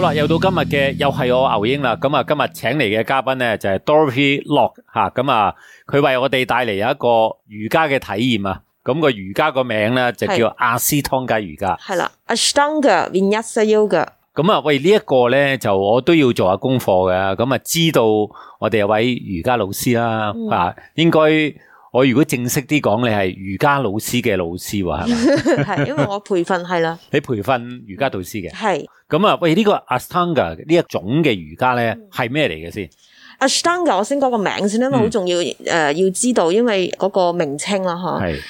好啦，又到今日嘅，又係我牛英啦。咁啊，今日請嚟嘅嘉賓咧就係 Dorothy Loh 吓，咁啊，佢為我哋帶嚟有一個瑜伽嘅體驗啊。咁個瑜伽個名咧就叫阿斯湯加瑜伽。係啦，Ashtanga Vinyasa Yoga。咁啊，喂，呢一個咧就我都要做下功課嘅。咁啊，知道我哋有位瑜伽老師啦，啊、嗯，應該。我如果正式啲講，你係瑜伽老師嘅老師喎，係咪？係 因為我培訓係啦。 你培訓瑜伽導師嘅。係是。咁啊，喂，呢、這個 Ashtanga 呢一種嘅瑜伽咧，係咩嚟嘅先 Ashtanga 我先講個名先因為好重要誒、嗯呃，要知道，因為嗰個名稱啦吓。係是。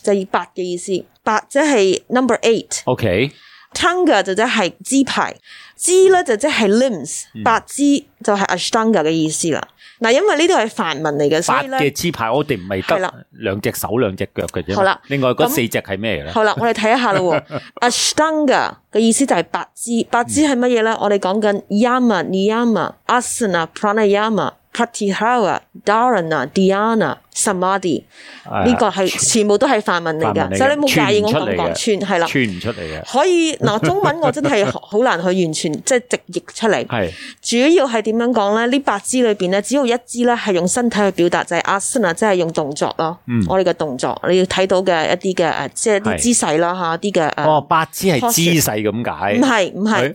Ash 就以八嘅意思，八即係 number eight Okay。O K。Tanga 就即係支牌，支咧就即係 limbs，、嗯、八支就係 Ashtanga 嘅意思啦。嗱，因為呢度係梵文嚟嘅，所以咧嘅支牌我哋唔係得兩隻手兩隻腳嘅啫。好啦，另外嗰四隻係咩呢？好啦，我哋睇一下啦喎。Ashtanga 嘅意思就係八支，八支係乜嘢呢？嗯、我哋講緊 Yama、Niyama、Asana、Pranayama。Pratyahara 啊，Dharana 啊，Dhyana，Samadhi，呢個係全部都係梵文嚟噶，所以你冇介意我講唔講串係啦，串唔出嚟嘅。可以嗱，中文我真係好難去完全即係直譯出嚟，係主要係點樣講咧？呢八支裏邊咧，只有一支咧係用身體去表達，就係 Asana 即係用動作咯。我哋嘅動作，你要睇到嘅一啲嘅誒，即係啲姿勢啦吓，啲嘅哦，八支係姿勢咁解？唔係唔係。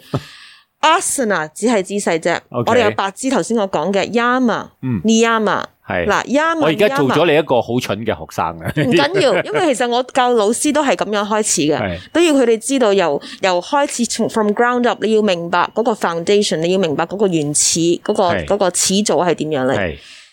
Asana 啊，只係姿勢啫。我哋有八支，頭先我講嘅 Yama、Niyama 係嗱 Yama 我而家做咗你一個好蠢嘅學生啊！唔緊要，要， 因為其實我教老師都係咁樣開始嘅，是都要佢哋知道由由開始從 from ground up，你要明白嗰個 foundation，你要明白嗰個原始嗰、嗰個嗰是個始祖係點樣嚟。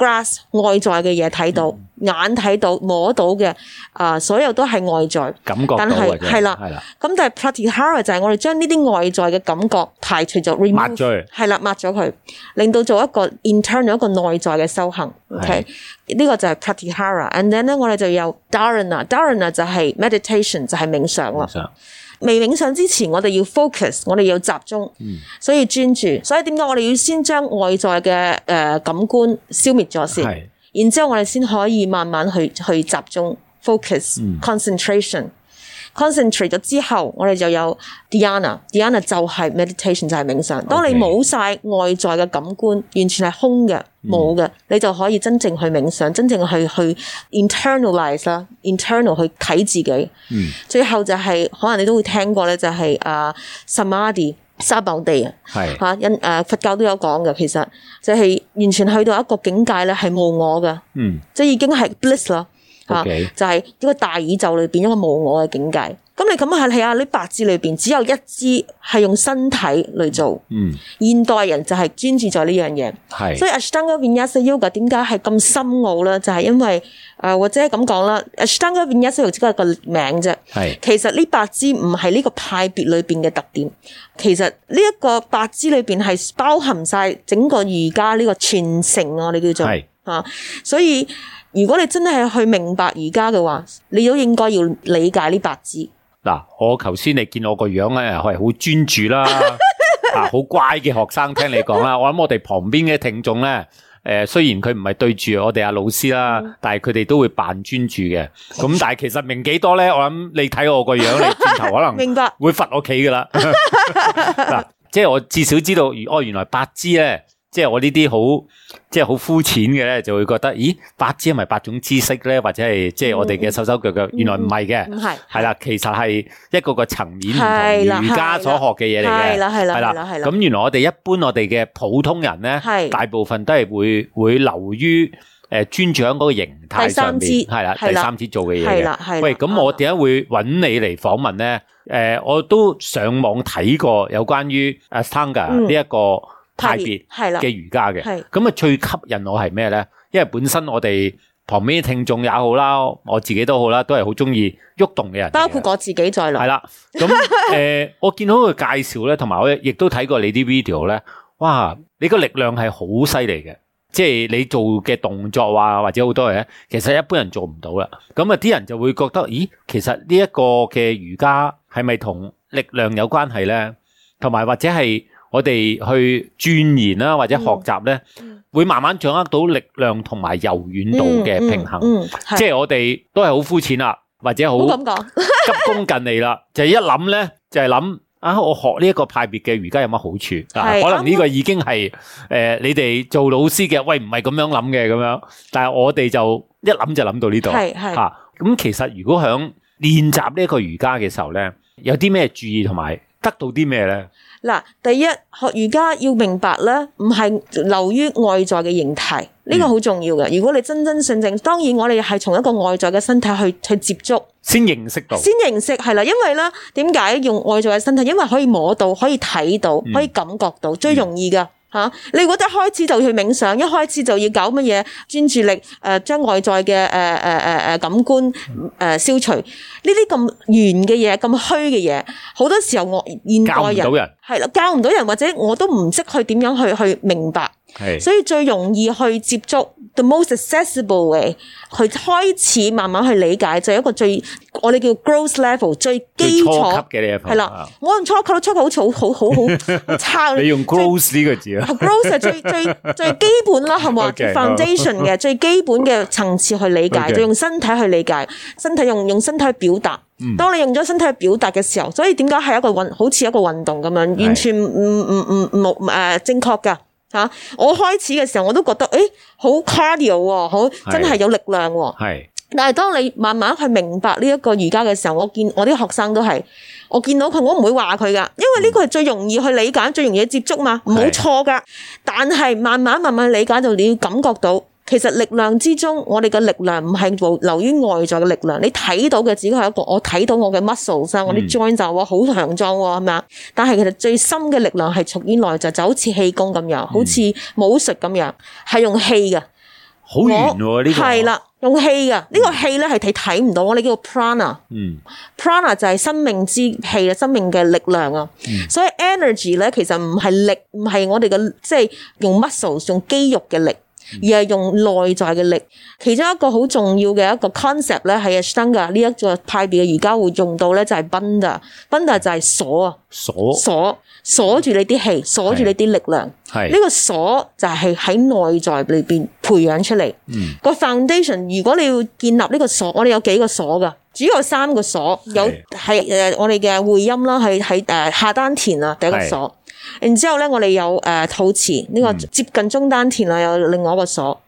grass 外在嘅嘢睇到，嗯、眼睇到，摸到嘅，啊、呃，所有都係外在，感覺到嘅。係啦，咁但係 pratyahara 就係我哋將呢啲外在嘅感覺排除咗 remove 係啦，抹咗佢，令到做一個 internal 一個內在嘅修行。OK，呢個就係 pratyahara，and then 咧我哋就有 dharana，dharana 就係 meditation 就係冥想啦。未冥想之前，我哋要 focus，我哋要集中，所以專注。所以點解我哋要先將外在嘅誒感官消滅咗先，然之後，我哋先可以慢慢去去集中 focus concentration。concentrate 咗之後，我哋就有 Diana，Diana Okay. 就係 meditation 就係冥想。Okay. 當你冇晒外在嘅感官，完全係空嘅冇嘅，你就可以真正去冥想，mm. 真正去去 internalize 啦，internal 去睇自己。Mm. 最後就係可能你都會聽過咧，就係啊 Samadhi 沙寶地啊，嚇印誒佛教都有講嘅，其實就係完全去到一個境界咧，係冇我嘅，mm. 即係已經係 bliss 啦。Okay, 就係一個大宇宙裏邊一個無我嘅境界。咁你咁下睇下，呢八支裏邊只有一支係用身體嚟做。嗯。現代人就係專注在呢樣嘢。係。所以 Ashtanga Vinyasa Yoga 點解係咁深奧咧？就係、是、因為誒、呃、或者咁講啦，Ashtanga Vinyasa Yoga 只係個名啫。係。其實呢八支唔係呢個派別裏邊嘅特點。其實呢一個八支裏邊係包含晒整個瑜伽呢個傳承啊！我哋叫做。係。所以。如果你真係去明白瑜伽嘅話，你都應該要理解呢八支。嗱，我頭先你見我個樣咧，係好專注啦， 啊，好乖嘅學生。聽你講啦，我諗我哋旁邊嘅聽眾咧，誒、呃，雖然佢唔係對住我哋阿老師啦，嗯、但係佢哋都會扮專注嘅。咁 但係其實明幾多咧？我諗你睇我個樣你轉頭，可能明白會罰我企噶啦。嗱， 即係我至少知道，哦，原來八支咧。即係我呢啲好，即係好膚淺嘅咧，就會覺得，咦？八支係咪八種知識咧？或者係即係我哋嘅手手腳腳，原來唔係嘅，唔係係啦，其實係一個個層面唔同瑜伽所學嘅嘢嚟嘅，係啦係啦係啦係啦。咁原來我哋一般我哋嘅普通人咧，大部分都係會會留於誒專長嗰個形態上邊，係啦，第三支做嘅嘢嘅。喂，咁我點解會揾你嚟訪問咧？誒，我都上網睇過有關於 Ashtanga 呢一個。派別係啦嘅瑜伽嘅，咁啊最吸引我係咩咧？因為本身我哋旁邊啲聽眾也好啦，我自己都好啦，都係好中意喐動嘅人。包括我自己在內，係啦。咁誒，我見到佢介紹咧，同埋我亦都睇過你啲 video 咧。哇，你個力量係好犀利嘅，即係你做嘅動作啊，或者好多嘢，其實一般人做唔到啦。咁啊，啲人就會覺得，咦，其實呢一個嘅瑜伽係咪同力量有關係咧？同埋或者係。我哋去鑽研啦，或者學習咧，會慢慢掌握到力量同埋柔軟度嘅平衡，嗯。即、嗯、係、嗯嗯、我哋都係好膚淺啦，或者好急功近利啦。就係一諗咧， 就係諗啊！我學呢一個派別嘅瑜伽有乜好處是啊？可能呢個已經係誒、呃，你哋做老師嘅喂，唔係咁樣諗嘅咁樣。但係我哋就一諗就諗到呢度。係係吓咁，啊、其實如果想練習呢一個瑜伽嘅時候咧，有啲咩注意同埋？得到啲咩咧？嗱，第一學而家要明白咧，唔係流於外在嘅形態，呢，這個好重要嘅。如果你真真正正，當然我哋係從一個外在嘅身體去去接觸，先認識到，先認識係啦。因為咧，點解用外在嘅身體？因為可以摸到，可以睇到，可以感覺到，嗯、最容易噶。吓，你如果一開始就去冥想，一開始就要搞乜嘢專注力，誒將外在嘅誒誒感官誒、呃、消除，呢啲咁遠嘅嘢，咁虛嘅嘢，好多時候我現代人係啦，教唔到人，或者我都唔識去點樣去去明白。所以最容易去接觸 the most accessible 嘅，去開始慢慢去理解就係一個最我哋叫 gross level 最基礎嘅 level 係啦，我用初級到初級好似好好好好差你用 gross 呢個字啊，gross 係最最最基本啦，係咪 foundation 嘅最基本嘅層次去理解，就用身體去理解，身體用用身體去表達。當你用咗身體去表達嘅時候，所以點解係一個運好似一個運動咁樣，完全唔唔唔唔冇誒正確噶。吓！我開始嘅時候，我都覺得誒，好 cardio 喎，好真係有力量喎。係。是的 但係當你慢慢去明白呢一個瑜伽嘅時候，我見我啲學生都係，我見到佢我唔會話佢噶，因為呢個係最容易去理解、最容易接觸嘛，冇錯噶。是的 但係慢慢慢慢理解到，你要感覺到。其實力量之中，我哋嘅力量唔係流流於外在嘅力量。你睇到嘅只係一個我睇到我嘅 muscle 生，我啲 joint 就話好強壯喎，係咪？嗯、但係其實最深嘅力量係從於內在，就好似氣功咁樣，嗯、好似武術咁樣，係用氣嘅。好難喎，呢個係啦，用氣嘅呢、呢個氣咧係睇睇唔到，我哋叫做 prana。嗯，prana 就係生命之氣啊，生命嘅力量啊。嗯、所以 energy 咧其實唔係力，唔係我哋嘅即係用 muscle 用肌肉嘅力。而係用內在嘅力，其中一個好重要嘅一個 concept 咧係 Ashtanga，呢一個派別嘅而家會用到咧，就係 Bunda Bunda 就係鎖啊，鎖鎖鎖住你啲氣，鎖住你啲力量。係呢個鎖就係喺內在裏邊培養出嚟。嗯，個 foundation 如果你要建立呢個鎖，我哋有幾個鎖噶，主要有三個鎖，有係我哋嘅會陰啦，係喺誒下丹田啊，第一個鎖。然之後咧，我哋有誒肚臍呢個接近中丹田啊，嗯、有另外一個鎖。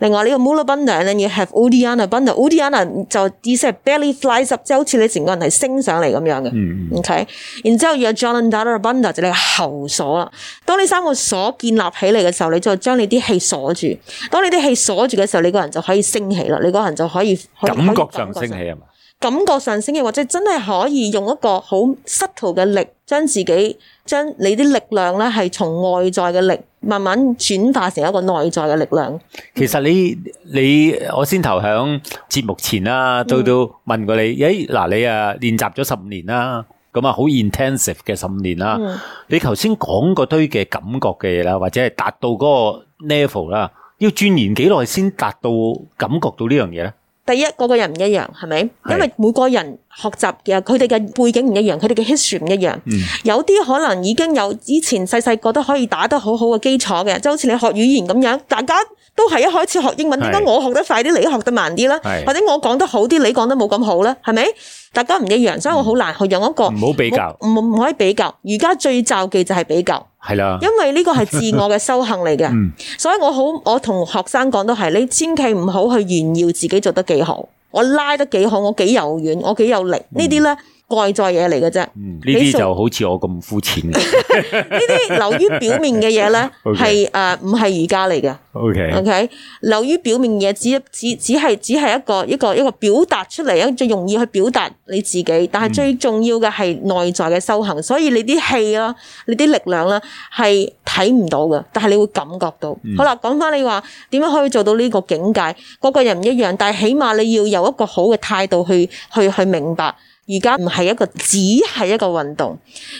另外呢個 mulabandha 咧 and 要 have uddiyana bandha，uddiyana 就意思係 belly flies up，即係好似你成個人係升上嚟咁樣嘅。嗯、OK，然之後你有 jalandhara bandha 就你喉鎖啦。當你三個鎖建立起嚟嘅時候，你就將你啲氣鎖住。當你啲氣鎖住嘅時候，你個人就可以升起啦。你個人就可以，可以，可以感覺上升起係嘛？感覺上升嘅，或者真係可以用一個好 subtle 嘅力，將自己將你啲力量咧，係從外在嘅力慢慢轉化成一個內在嘅力量、嗯。其實你你我先頭響節目前啦，到到問過你，咦嗱、嗯、你啊練習咗十五年啦，咁啊好 intensive 嘅十五年啦，嗯、你頭先講嗰堆嘅感覺嘅嘢啦，或者係達到嗰個 level 啦，要轉年幾耐先達到感覺到呢樣嘢咧？第一個個人唔一樣，係咪？因為每個人學習嘅佢哋嘅背景唔一樣，佢哋嘅 history 唔一樣。嗯、有啲可能已經有以前細細個都可以打得好好嘅基礎嘅，就好似你學語言咁樣，大家都係一開始學英文，點解我學得快啲，是 你學得慢啲啦？是 或者我講得好啲，你講得冇咁好咧？係咪？大家唔一樣，所以我好難去用一個唔好、嗯、比較，唔唔可以比較。而家最忌就係比較。係啦，是因為呢個係自我嘅修行嚟嘅，所以我好我同學生講都係，你千祈唔好去炫耀自己做得幾好，我拉得幾好，我幾柔軟，我幾有力呢啲咧。嗯外在嘢嚟嘅啫，呢啲就好似我咁膚淺嘅。呢啲流於表面嘅嘢呢 Okay.，係誒唔係瑜伽嚟嘅。O K O K，流於表面嘢只只只係只係一個一個一個表達出嚟，一最容易去表達你自己。但係最重要嘅係內在嘅修行。嗯、所以你啲氣啦，你啲力量啦、啊，係睇唔到嘅，但係你會感覺到。嗯、好啦，講翻你話點樣可以做到呢個境界？個、個人唔一樣，但係起碼你要有一個好嘅態度去去去明白。而家唔係一個，只係一個運動。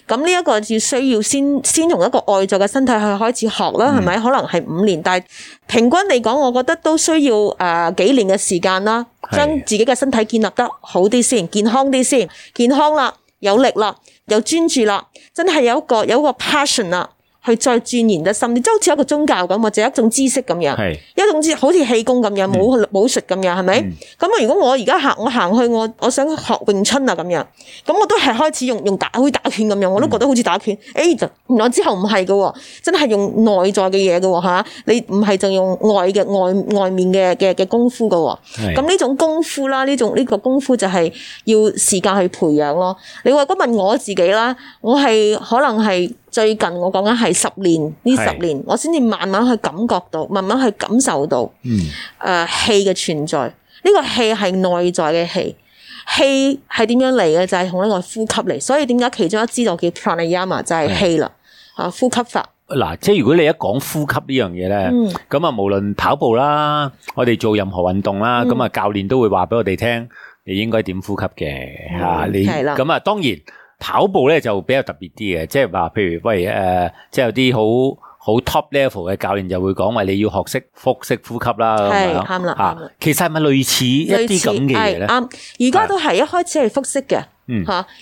咁呢一個要需要先先從一個外在嘅身體去開始學啦，係咪？嗯、可能係五年，但係平均嚟講，我覺得都需要誒、呃、幾年嘅時間啦，將自己嘅身體建立得好啲先，健康啲先，健康啦，有力啦，有專注啦，真係有個有個 passion 啦。去再鑽研得深，你就好似一個宗教咁，或、就、者、是、一種知識咁樣，是嗯、一種似好似氣功咁樣，武武術咁樣，係咪？咁啊，如果我而家行我行去，我我想學詠春啊，咁樣，咁我都係開始用用打去打拳咁樣，我都覺得好似打拳，誒、嗯欸，原來之後唔係噶，真係用內在嘅嘢噶，吓，你唔係就用外嘅外外面嘅嘅嘅功夫噶，咁呢是、嗯、種功夫啦，呢種呢、這個功夫就係要時間去培養咯。你話我問我自己啦，我係可能係。最近我講緊係十年呢十年，十年是我先至慢慢去感覺到，慢慢去感受到，誒氣嘅存在。呢、這個氣係內在嘅氣，氣係點樣嚟嘅？就係同一個呼吸嚟。所以點解其中一支叫就叫 Pranayama 就係氣啦，是啊呼吸法。嗱、啊，即係如果你一講呼吸呢樣嘢咧，咁啊、嗯、無論跑步啦，我哋做任何運動啦，咁啊、嗯、教練都會話俾我哋聽，你應該點呼吸嘅嚇？是你咁啊是的 當然。跑步咧就比較特別啲嘅，即係話，譬如喂誒，即係有啲好好 top level 嘅教練就會講話你要學識腹式呼吸啦咁啱咯嚇。其實係咪類似一啲咁嘅嘢咧？啱，而家都係一開始係腹式嘅，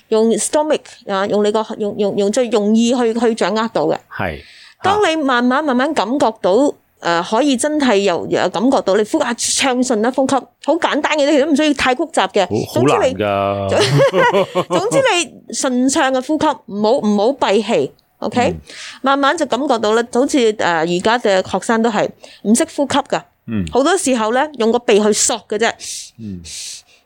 用 stomach 啊，用你個用用用最容易去去掌握到嘅。係的，當你慢慢慢慢感覺到。誒、呃，可以真係由有感覺到你呼吸暢順啦，呼吸好簡單嘅，其實都唔需要太複雜嘅。好難噶，總之你順暢嘅呼吸，唔好唔好閉氣，OK。嗯、慢慢就感覺到啦，好似誒而家嘅學生都係唔識呼吸噶，好、嗯、多時候咧用個鼻去索嘅啫。嗯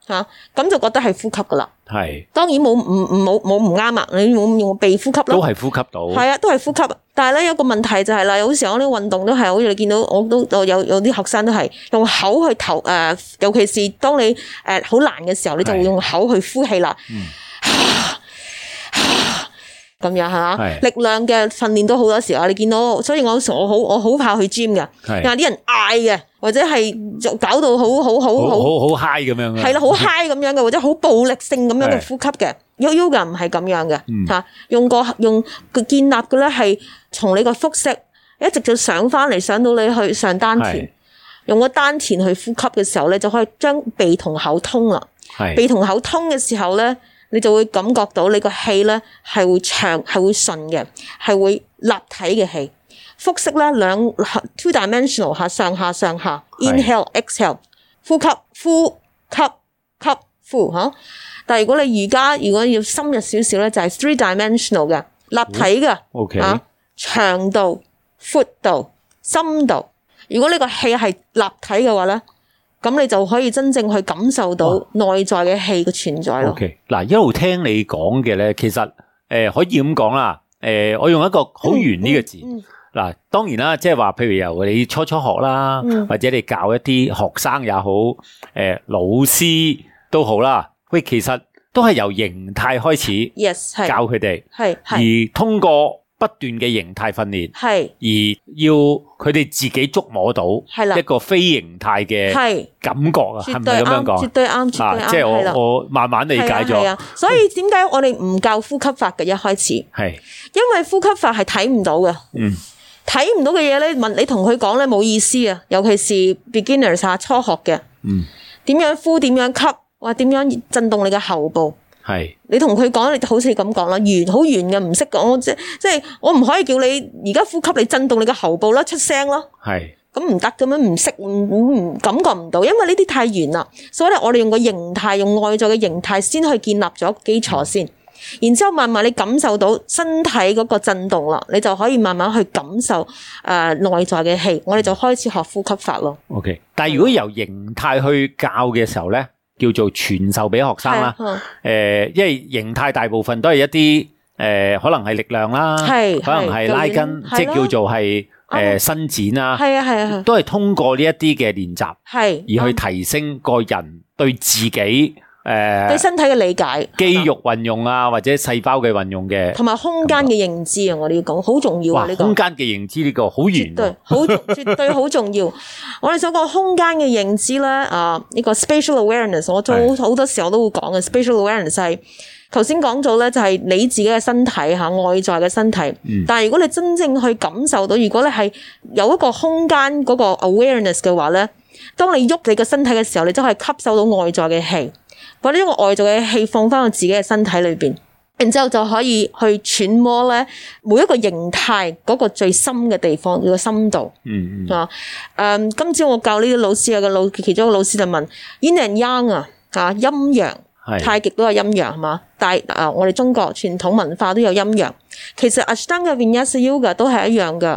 吓，咁、啊、就覺得係呼吸噶啦，係是，當然冇唔唔冇冇唔啱啊。你冇用鼻呼吸咯，都係呼吸到，係啊，都係呼吸。但係咧有個問題就係、是、啦，有時候我啲運動都係，好似你見到我都有有啲學生都係用口去唞誒、呃，尤其是當你誒好、呃、難嘅時候，的你就會用口去呼氣啦。嗯啊咁樣吓，力量嘅訓練都好多時啊！你見到，所以我我好我好怕去 gym 嘅，係啲是人嗌嘅，或者係就搞到好好好好好嗨好 high 咁樣。係好嗨咁樣嘅，或者好暴力性咁樣嘅呼吸嘅悠悠嘅唔係咁樣嘅吓、嗯，用個用個建立嘅咧，係從你個腹式一直就上翻嚟，上到你去上丹田，是用個丹田去呼吸嘅時候咧，就可以將鼻同口通啦。係是鼻同口通嘅時候咧。你就會感覺到你個氣咧係會長係會順嘅係會立體嘅氣，複式咧，兩 two dimensional 下上下上下是 inhale exhale e 呼吸呼吸吸呼嚇。但如果你而家如果要深入少少咧，就係、是、three dimensional 嘅立體嘅嚇、uh, okay. 啊、長度、闊度、深度。如果呢個氣係立體嘅話咧。咁你就可以真正去感受到內在嘅氣嘅存在咯，okay。O K，嗱，一路聽你講嘅咧，其實誒、呃、可以咁講啦。誒、呃，我用一個好圓呢個字。嗱、嗯嗯，當然啦，即係話，譬如由你初初學啦，或者你教一啲學生也好，誒、呃，老師都好啦。喂，其實都係由形態開始教佢哋，係、嗯嗯、而通過，不斷嘅形態訓練，係而要佢哋自己觸摸到，係啦一個非形態嘅感覺啊，係咪咁樣講？絕對啱，絕對啱，嗱，即係、啊就是、我的我慢慢理解咗。所以點解我哋唔教呼吸法嘅一開始？係的因為呼吸法係睇唔到嘅。嗯，睇唔到嘅嘢咧，問你同佢講咧冇意思啊。尤其是 beginners 初學嘅。學的嗯，點樣呼？點樣吸？或點樣震動你嘅喉部？係，是你同佢講，你好似咁講啦，圓好圓嘅，唔識講即即係，我唔可以叫你而家呼吸，你震動你嘅喉部啦，出聲咯。係是，咁唔得咁樣，唔識唔唔感覺唔到，因為呢啲太圓啦，所以咧我哋用個形態，用外在嘅形態先去建立咗基礎先，然之後慢慢你感受到身體嗰個震動啦，你就可以慢慢去感受誒、呃、內在嘅氣，我哋就開始學呼吸法咯。OK，但係如果由形態去教嘅時候咧？叫做傳授俾學生啦，誒的、呃，因為形態大部分都係一啲誒、呃，可能係力量啦，的可能係拉筋，即係叫做係誒的、呃、伸展啦，係啊係啊，都係通過呢一啲嘅練習，係而去提升個人對自己的。誒，對身體嘅理解，肌肉運用啊，吧或者細胞嘅運用嘅，同埋空間嘅認知啊，吧我哋要講好重要啊！呢個空間嘅認知呢個好、啊、絕對，好絕對好重要。 我哋所講空間嘅認知咧，啊，呢、這個 spatial awareness，我都好多時候都會講嘅的 spatial awareness 係頭先講咗咧，就係你自己嘅身體吓，外在嘅身體。身體嗯、但係如果你真正去感受到，如果你係有一個空間嗰個 awareness 嘅話咧，當你喐你嘅身體嘅時候，你真係吸收到外在嘅氣。把呢個外在嘅氣放翻到自己嘅身體裏邊，然之後就可以去揣摩咧每一個形態嗰個最深嘅地方，個深度。嗯嗯。嚇誒，今朝我教呢啲老師啊，個老其中一個老師就問 yin and yang 啊嚇陰陽，太極都有陰陽，係嘛？但係啊，我哋中國傳統文化都有陰陽，其實 Ashtanga 入邊嘅 yoga 都係一樣嘅，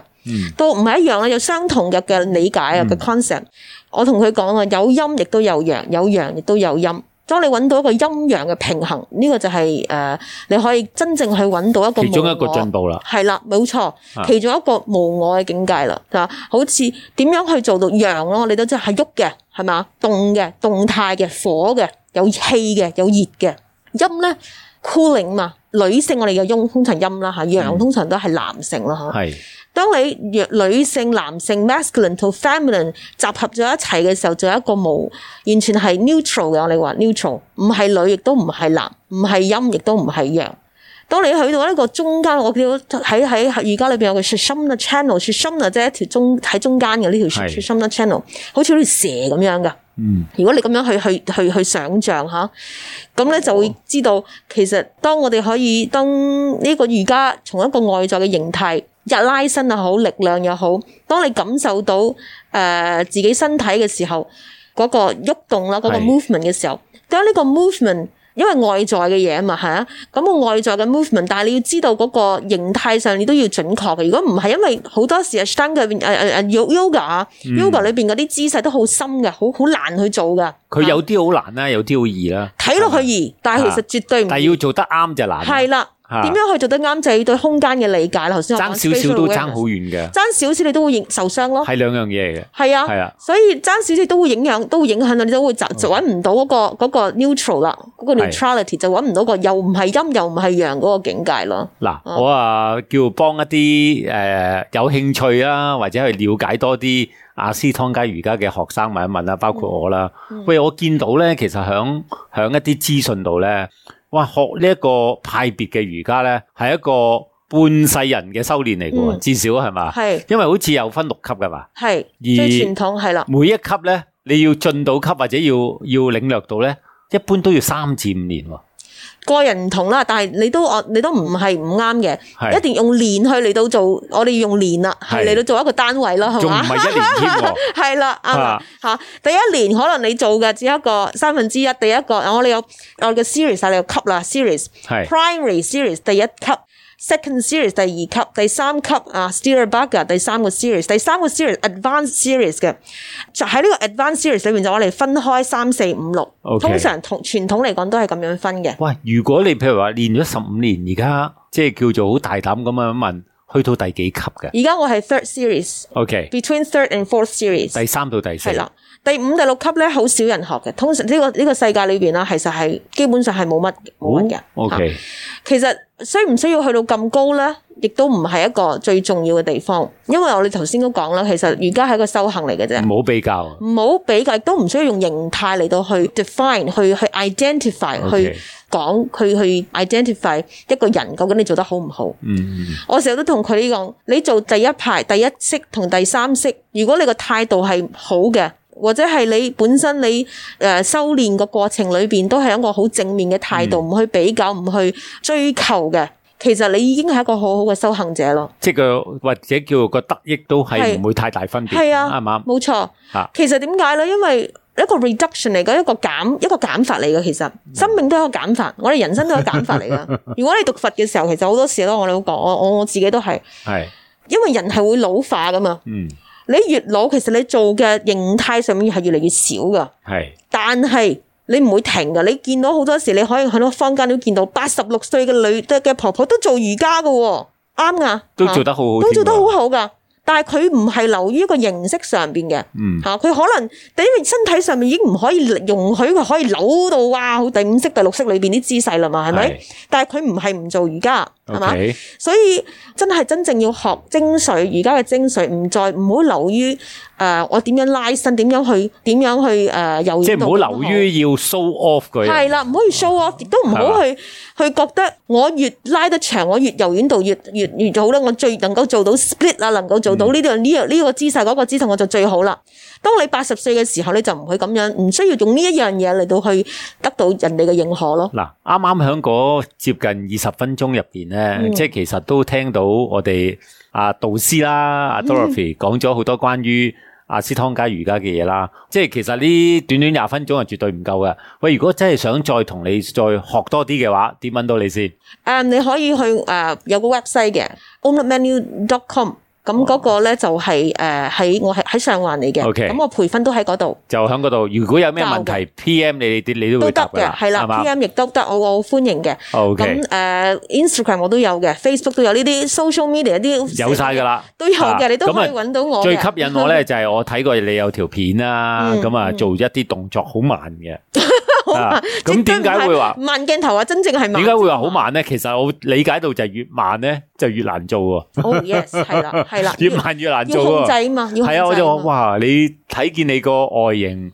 都唔係一樣啦，有相同嘅嘅理解啊嘅 concept。嗯嗯我同佢講啊，有陰亦都有陽，有陽亦都有陰。有當你揾到一個陰陽嘅平衡，呢、這個就係、是、誒、呃，你可以真正去揾到一個其中一個進步啦，係啦，冇錯，其中一個無我嘅境界啦，吓、啊，好似點樣去做到陽咯？你都知，係喐嘅，係咪？動嘅、動態嘅、火嘅、有氣嘅、有熱嘅，陰咧 cooling 嘛。女性我哋嘅庸通常陰啦吓，陽通常都係男性啦吓。係、嗯。當你女性，男性，是男性、男性 （masculine） 同 feminine 集合咗一齊嘅時候，就有一個冇完全係 neutral 嘅。我哋話 neutral 唔係女亦都唔係男，唔係陰亦都唔係陽。當你去到個在在一個 channel，一中間，我見到喺喺瑜伽裏邊有個 Sushumna channel，Sushumna 即係一條中喺中間嘅呢條 Sushumna channel, Sushumna 條 channel，好似條蛇咁樣嘅。嗯，如果你咁樣去去去去想象吓，咁咧就會知道，其實當我哋可以當呢個瑜伽從一個外在嘅形態，日拉伸又好，力量又好，當你感受到誒、呃、自己身體嘅時候，嗰、嗰個喐動啦，嗰、嗰個 movement 嘅時候，是的 當呢個 movement。因為外在嘅嘢啊嘛，嚇，咁個外在嘅 movement，但係你要知道嗰個形態上你都要準確嘅。如果唔係，因為好多時啊，Ashtanga 入邊誒誒誒 yoga，yoga 裏邊嗰啲姿勢都好深嘅，好好難去做噶。佢有啲好難啦，的有啲好易啦。睇落去易，但係其實絕對唔係。係要做得啱就難。係啦。點樣去做得啱就對空間嘅理解啦。頭先爭少少都爭好遠嘅，爭少少你都會受傷咯。係兩樣嘢嚟嘅，係啊，係啊、所以爭少少都會影響，都會影響到你都會就就找、那個嗯、ity, 搵唔到嗰個嗰個 neutral 啦，嗰個 neutrality 就搵唔到個又唔係陰又唔係陽嗰個境界咯。嗱，我啊叫幫一啲誒、呃、有興趣啊或者去了解多啲阿斯湯加瑜伽嘅學生問一問啦、啊，包括我啦。嗯、喂，我見到咧，其實響響一啲資訊度咧。哇！學呢一個派別嘅瑜伽呢，係一個半世人嘅修煉嚟嘅，嗯、至少係嘛？係，是因為好似有分六級嘅嘛，係是，最傳統係啦。每一級呢，你要進到級或者要要領略到呢，一般都要三至五年。個人唔同啦，但係你都我你都唔係唔啱嘅，是一定要用年去嚟到做，我哋用年啦，係嚟到做一個單位咯，係嘛是？仲唔係一年係啦，啱啦，吓第一年可能你做嘅只一個三分之一，第一個我哋有我嘅 series 啊，你有級啦，series，primary 是 series 第一級。Second series 第二級、第三級啊，Sthira Bhaga 第三個 series，第三個 series Advanced series 嘅，就喺呢個 Advanced series 裏邊就我哋分開三四五六，通常同傳統嚟講都係咁樣分嘅。喂，如果你譬如話練咗十五年，而家即係叫做好大膽咁樣問，去到第幾級嘅？而家我係 Third series，OK，Between Third and Fourth series，第三到第四。係啦，第五、第六級咧，好少人學嘅。通常呢個呢個世界裏邊啦，其實係基本上係冇乜冇乜嘅。OK，其實。需唔需要去到咁高呢？亦都唔係一個最重要嘅地方，因為我哋頭先都講啦，其實而家係一個修行嚟嘅啫。唔好比較，唔好比較，亦都唔需要用形態嚟到去 define，去去 identify，去講，佢去，去 identify 一個人究竟你做得好唔好？嗯嗯嗯。我成日都同佢講，你做第一排、第一式同第三式，如果你個態度係好嘅。或者係你本身你誒修煉個過程裏邊都係一個好正面嘅態度，唔去比較，唔去追求嘅。其實你已經係一個好好嘅修行者咯。即係個或者叫個得益都係唔會太大分別，啱唔啱？冇錯吧。其實點解呢？因為一個 reduction 嚟嘅，一個減一個減法嚟嘅。其實生命都係一個減法，我哋人生都係減法嚟噶。 如果你讀佛嘅時候，其實好多時候，我都講，我我我自己都係。係。因為人係會老化噶嘛。嗯。你越老，其實你做嘅形態上面係越嚟越少噶，係。但係你唔會停噶。你見到好多時，你可以喺個坊間都見到八十六歲嘅女嘅婆婆都做瑜伽嘅喎，哦，啱噶，都做得好好，啊、都做得好好噶。但係佢唔係留於一個形式上面嘅，嚇佢、嗯啊、可能，等於身體上面已經唔可以容許佢可以扭到哇，第五式、第六式裏面啲姿勢啦嘛，係咪是？但係佢唔係唔做瑜伽，係嘛 Okay？所以真係真正要學精髓，瑜伽嘅精髓唔再唔好留於。誒、呃，我點樣拉伸？點樣去？點樣去？誒、呃，柔軟度即係唔好流於要 show off 佢。係啦，唔可以 show off，亦都唔好去吧去覺得我越拉得長，我越柔軟度越越越好啦，我最能夠做到 split 啊，能夠做到呢度呢？呢、嗯、個姿勢嗰、那個姿勢我就最好啦。當你八十歲嘅時候，你就唔會咁樣，唔需要用呢一樣嘢嚟到去得到人哋嘅認可咯。嗱，啱啱喺嗰接近二十分鐘入邊咧，即係、嗯、其實都聽到我哋阿導師啦，阿、啊啊、Dorothy、嗯、講咗好多關於阿、啊、斯湯加瑜伽嘅嘢啦。即係其實呢短短廿分鐘係絕對唔夠嘅。喂，如果真係想再同你再學多啲嘅話，點問到你先？誒，你可以去誒、啊、有個 website 嘅，onemanu.com。哦咁嗰個咧就係誒喺我喺喺上環嚟嘅，咁我培訓都喺嗰度，就喺嗰度。如果有咩問題，P M 你你你都都得嘅，係啦，P M 亦都得，我我好歡迎嘅。咁誒，Instagram 我都有嘅，Facebook 都有呢啲 social media 一啲有晒㗎啦，都有嘅，你都可以揾到我。最吸引我咧就係我睇過你有條片啦，咁啊做一啲動作好慢嘅，咁點解會話慢鏡頭啊？真正係點解會話好慢咧？其實我理解到就係越慢咧。就越難做喎。哦 yes，係啦，係啦。越慢越難做喎。控制嘛，要控制。係啊，我就話，哇，你睇見你個外形，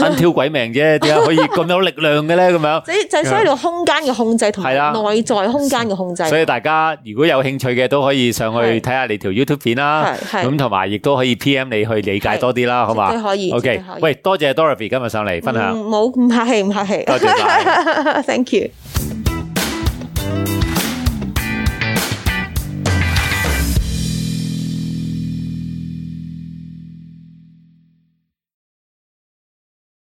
單挑 鬼命啫，點解可以咁有力量嘅咧？咁樣，就就需要個空間嘅控制同埋內在空間嘅控制。所以大家如果有興趣嘅，都可以上去睇下你條 YouTube 片啦。咁同埋亦都可以 PM 你去理解多啲啦，好嘛？都可以。OK，以喂，多謝 Dorothy 今日上嚟分享。唔好唔客氣，唔客氣。好，再見。 Thank you。